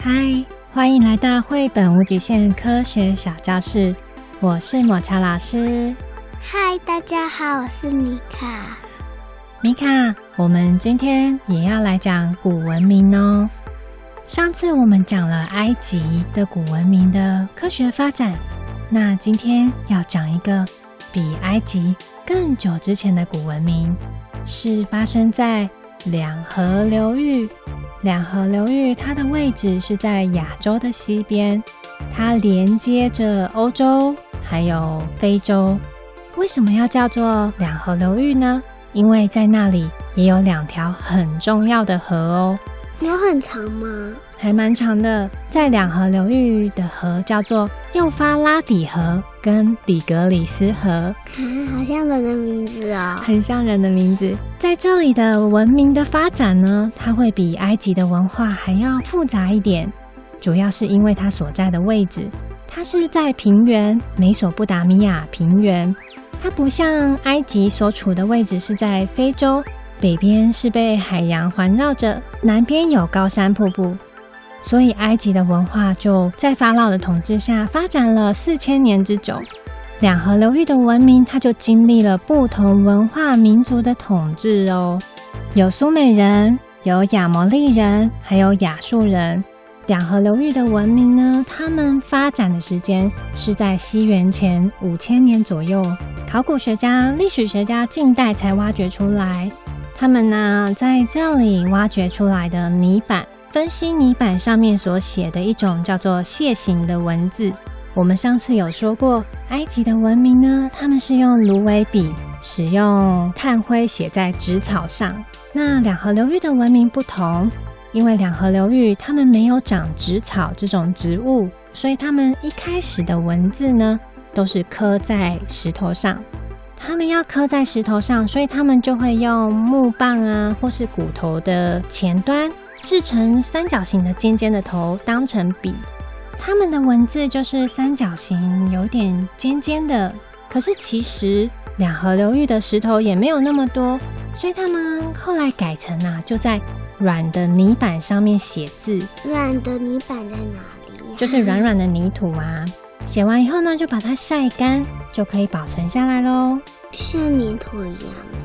嗨，Hi, 歡迎來到繪本無極限科學小教室，我是抹茶老師。嗨，大家好，我是米卡。米卡，我們今天也要來講古文明哦。上次我們講了埃及的古文明的科學發展，那今天要講一個比埃及更久之前的古文明，是發生在兩河流域。兩河流域，它的位置是在亞洲的西邊，它連接着歐洲還有非洲。為什麼要叫做兩河流域呢？因為在那裡也有兩條很重要的河哦。有很長嗎？還蠻長的，在兩河流域的河叫做幼發拉底河跟底格里斯河，好像人的名字哦，很像人的名字。在這裡的文明的發展呢，它會比埃及的文化還要複雜一點，主要是因為它所在的位置，它是在平原——美索不達米亞平原。它不像埃及所處的位置是在非洲，北邊是被海洋環繞着，南邊有高山瀑布。所以，埃及的文化就在法老的統治下發展了四千年之久。兩河流域的文明，它就經歷了不同文化民族的統治哦，有蘇美人，有亞摩利人，還有亞述人。兩河流域的文明呢，他們發展的時間是在西元前五千年左右。考古學家、歷史學家近代才挖掘出來，他們呢，啊，在這裡挖掘出來的泥板。分析泥板上面所寫的一種叫做楔形的文字。我們上次有說過，埃及的文明呢，他們是用蘆葦筆，使用炭灰寫在紙草上。那兩河流域的文明不同，因為兩河流域他們沒有長紙草這種植物，所以他們一開始的文字呢，都是刻在石頭上。他們要刻在石頭上，所以他們就會用木棒啊，或是骨頭的前端。製成三角形的尖尖的頭當成筆，他們的文字就是三角形，有點尖尖的。可是其實兩河流域的石頭也沒有那麼多，所以他們後來改成了、啊、就在軟的泥板上面寫字。軟的泥板在哪裡、啊？就是軟軟的泥土啊。寫完以後呢，就把它曬乾，就可以保存下來嘍。像粘土一樣，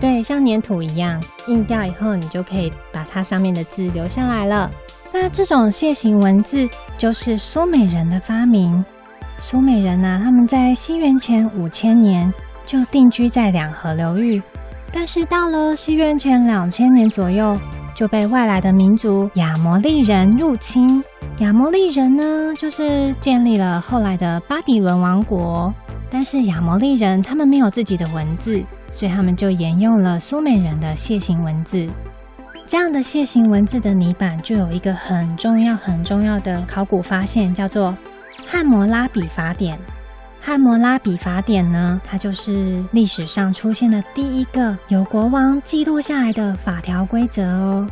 對，像粘土一樣印掉以後，你就可以把它上面的字留下來了。那這種楔形文字就是蘇美人的發明。蘇美人呢、啊，他們在西元前五千年就定居在兩河流域，但是到了西元前兩千年左右，就被外來的民族亞摩利人入侵。亞摩利人呢，就是建立了後來的巴比倫王國。但是亞摩利人他們沒有自己的文字，所以他們就沿用了蘇美人的楔形文字。這樣的楔形文字的泥板就有一個很重要很重要的考古發現，叫做《漢摩拉比法典》。漢摩拉比法典呢，它就是歷史上出現的第一個由國王記錄下來的法條規則哦，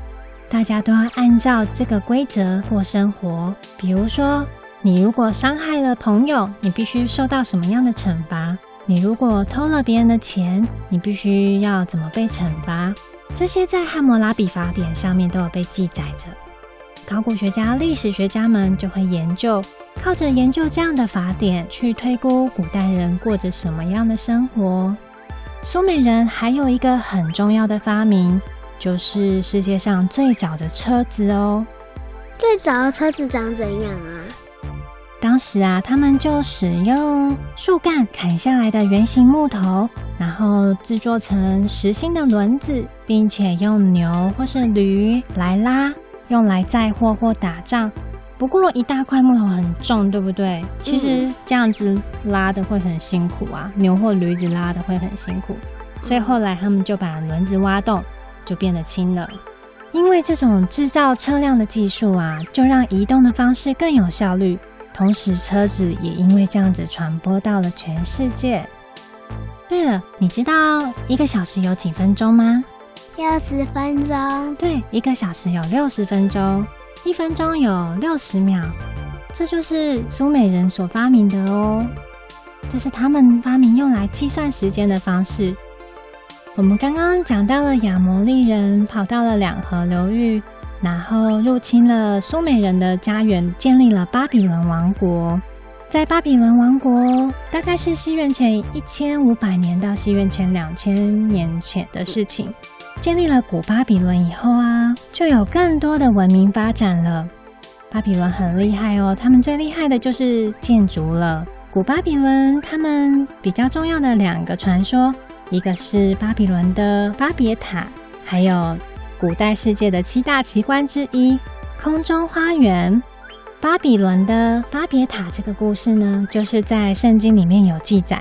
大家都要按照這個規則過生活，比如說。你如果傷害了朋友，你必須受到什麼樣的懲罰？你如果偷了別人的錢，你必須要怎麼被懲罰？這些在漢謨拉比法典上面都有被記載着。考古學家、歷史學家們就會研究，靠着研究這樣的法典去推估古代人過着什麼樣的生活。蘇美人還有一個很重要的發明，就是世界上最早的車子哦。最早的車子長怎樣啊？當時啊，他們就使用樹幹砍下來的圓形木頭，然後製作成實心的輪子，並且用牛或是驢來拉，用來載貨或打仗。不過一大塊木頭很重，對不對？嗯、其實這樣子拉得會很辛苦啊，牛或驢子拉得會很辛苦。所以後來他們就把輪子挖洞，就變得輕了。因為這種製造車輛的技術啊，就讓移動的方式更有效率。同時，車子也因為這樣子傳播到了全世界。對了，你知道一個小時有幾分鐘嗎？六十分鐘。對，一個小時有六十分鐘，一分鐘有六十秒。這就是蘇美人所發明的哦，這是他們發明用來計算時間的方式。我們剛剛講到了亞摩利人跑到了兩河流域。然後入侵了蘇美人的家園，建立了巴比倫王國。在巴比倫王國，大概是西元前一千五百年到西元前兩千年前的事情。建立了古巴比倫以後啊，就有更多的文明發展了。巴比倫很厲害哦，他們最厲害的就是建築了。古巴比倫他們比較重要的兩個傳說，一個是巴比倫的巴別塔，還有。古代世界的七大奇觀之一——空中花園，巴比倫的巴別塔。這個故事呢，就是在聖經裡面有記載。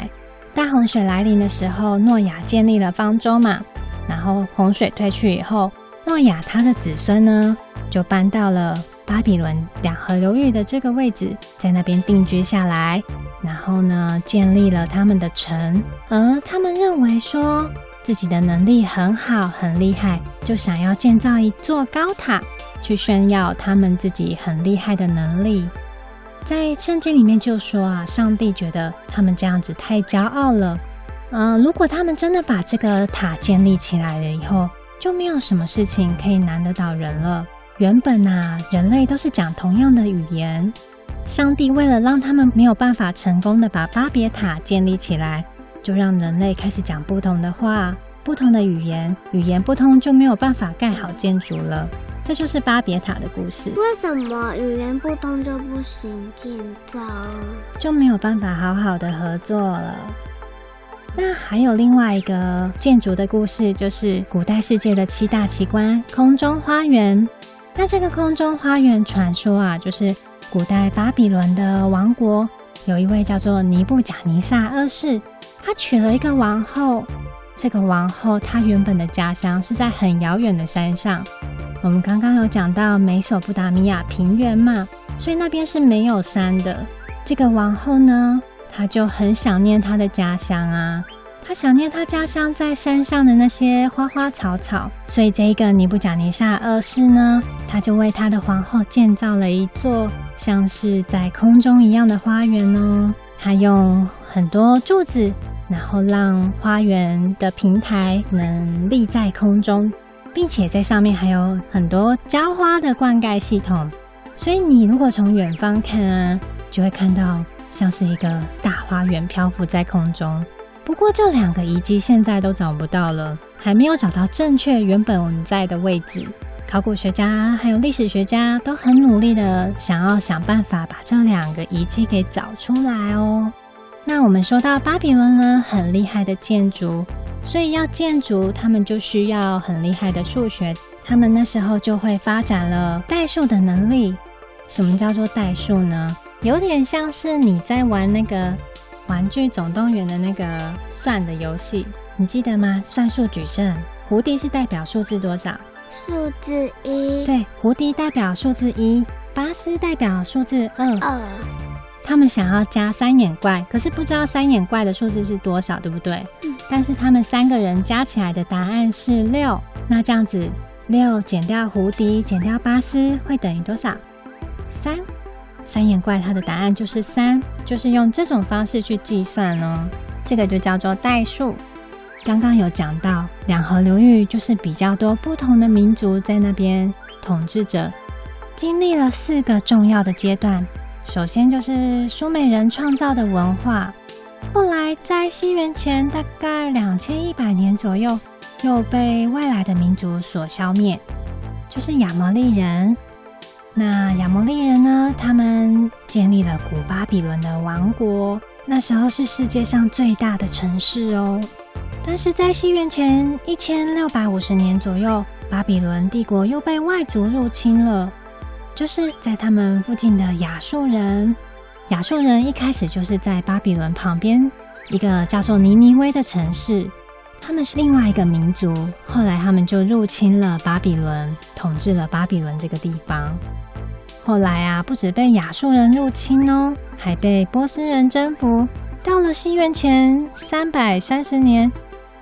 大洪水來臨的時候，諾亞建立了方舟嘛。然後洪水退去以後，諾亞他的子孫呢，就搬到了巴比倫兩河流域的這個位置，在那邊定居下來。然後呢，建立了他們的城，而他們認為說，自己的能力很好很厲害，就想要建造一座高塔去炫耀他們自己很厲害的能力。在聖經裡面就說啊，上帝覺得他們這樣子太驕傲了。嗯、呃，如果他們真的把這個塔建立起來了以後，就沒有什麼事情可以難得倒人了。原本啊，人類都是講同樣的語言，上帝為了讓他們沒有辦法成功的把巴別塔建立起來。就讓人類開始講不同的話，不同的語言，語言不通就沒有辦法蓋好建築了。這就是巴別塔的故事。為什麼語言不通就不行建造？就沒有辦法好好的合作了。那還有另外一個建築的故事，就是古代世界的七大奇觀——空中花園。那這個空中花園傳說啊，就是古代巴比倫的王國有一位叫做尼布甲尼撒二世。他娶了一個王後，這個王后她原本的家鄉是在很遙遠的山上。我們剛剛有講到美索不達米亞平原嘛，所以那邊是沒有山的。這個王后呢，她就很想念她的家鄉啊，她想念她家鄉在山上的那些花花草草。所以這一個尼布甲尼撒二世呢，他就為他的皇后建造了一座像是在空中一樣的花園哦，他用很多柱子。然後讓花園的平台能立在空中，並且在上面還有很多澆花的灌溉系統，所以你如果從遠方看啊，就會看到像是一個大花園漂浮在空中。不過這兩個遺跡現在都找不到了，還沒有找到正確原本我們在的位置。考古學家還有歷史學家都很努力的想要想辦法把這兩個遺跡給找出來哦。那我們說到巴比倫呢，很厲害的建築，所以要建築，他們就需要很厲害的數學。他們那時候就會發展了代數的能力。什麼叫做代數呢？有點像是你在玩那個玩具總動員的那個算的遊戲，你記得嗎？算數矩陣，胡迪是代表數字多少？數字一。對，胡迪代表數字一，巴斯代表數字二。二。他們想要加三眼怪，可是不知道三眼怪的數字是多少，對不對？嗯。但是他們三個人加起來的答案是六，那這樣子六減掉胡迪，減掉巴斯，會等於多少？三。三眼怪它的答案就是三，就是用這種方式去計算哦。這個就叫做代數。剛剛有講到兩河流域就是比較多不同的民族在那邊統治着，經歷了四個重要的階段。首先就是蘇美人創造的文化，後來在西元前大概兩千一百年左右，又被外來的民族所消滅，就是亞摩利人。那亞摩利人呢，他們建立了古巴比倫的王國，那時候是世界上最大的城市哦。但是在西元前一千六百五十年左右，巴比倫帝國又被外族入侵了。就是在他們附近的亞述人，亞述人一開始就是在巴比倫旁邊一個叫做尼尼微的城市，他們是另外一個民族。後來他們就入侵了巴比倫，統治了巴比倫這個地方。後來啊，不只被亞述人入侵哦，還被波斯人征服。到了西元前三百三十年，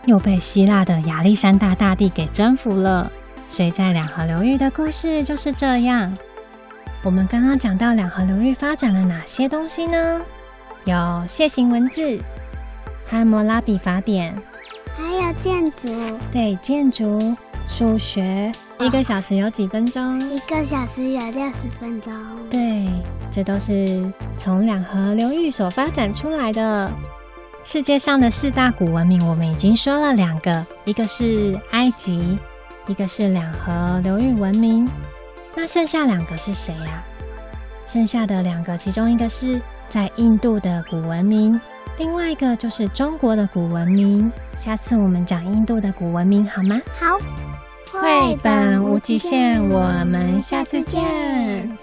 又被希臘的亞歷山大大帝給征服了。所以，在兩河流域的故事就是這樣。我們剛剛講到兩河流域發展了哪些東西呢？有楔形文字，漢謨拉比法典，還有建築。對，建築、數學。哦，一個小時有幾分鐘？一個小時有六十分鐘。對，這都是從兩河流域所發展出來的。世界上的四大古文明，我們已經說了兩個，一個是埃及，一個是兩河流域文明。那剩下兩個是誰呀啊？剩下的兩個，其中一個是在印度的古文明，另外一個就是中國的古文明。下次我們講印度的古文明好嗎？好，繪本無極限，我們下次見。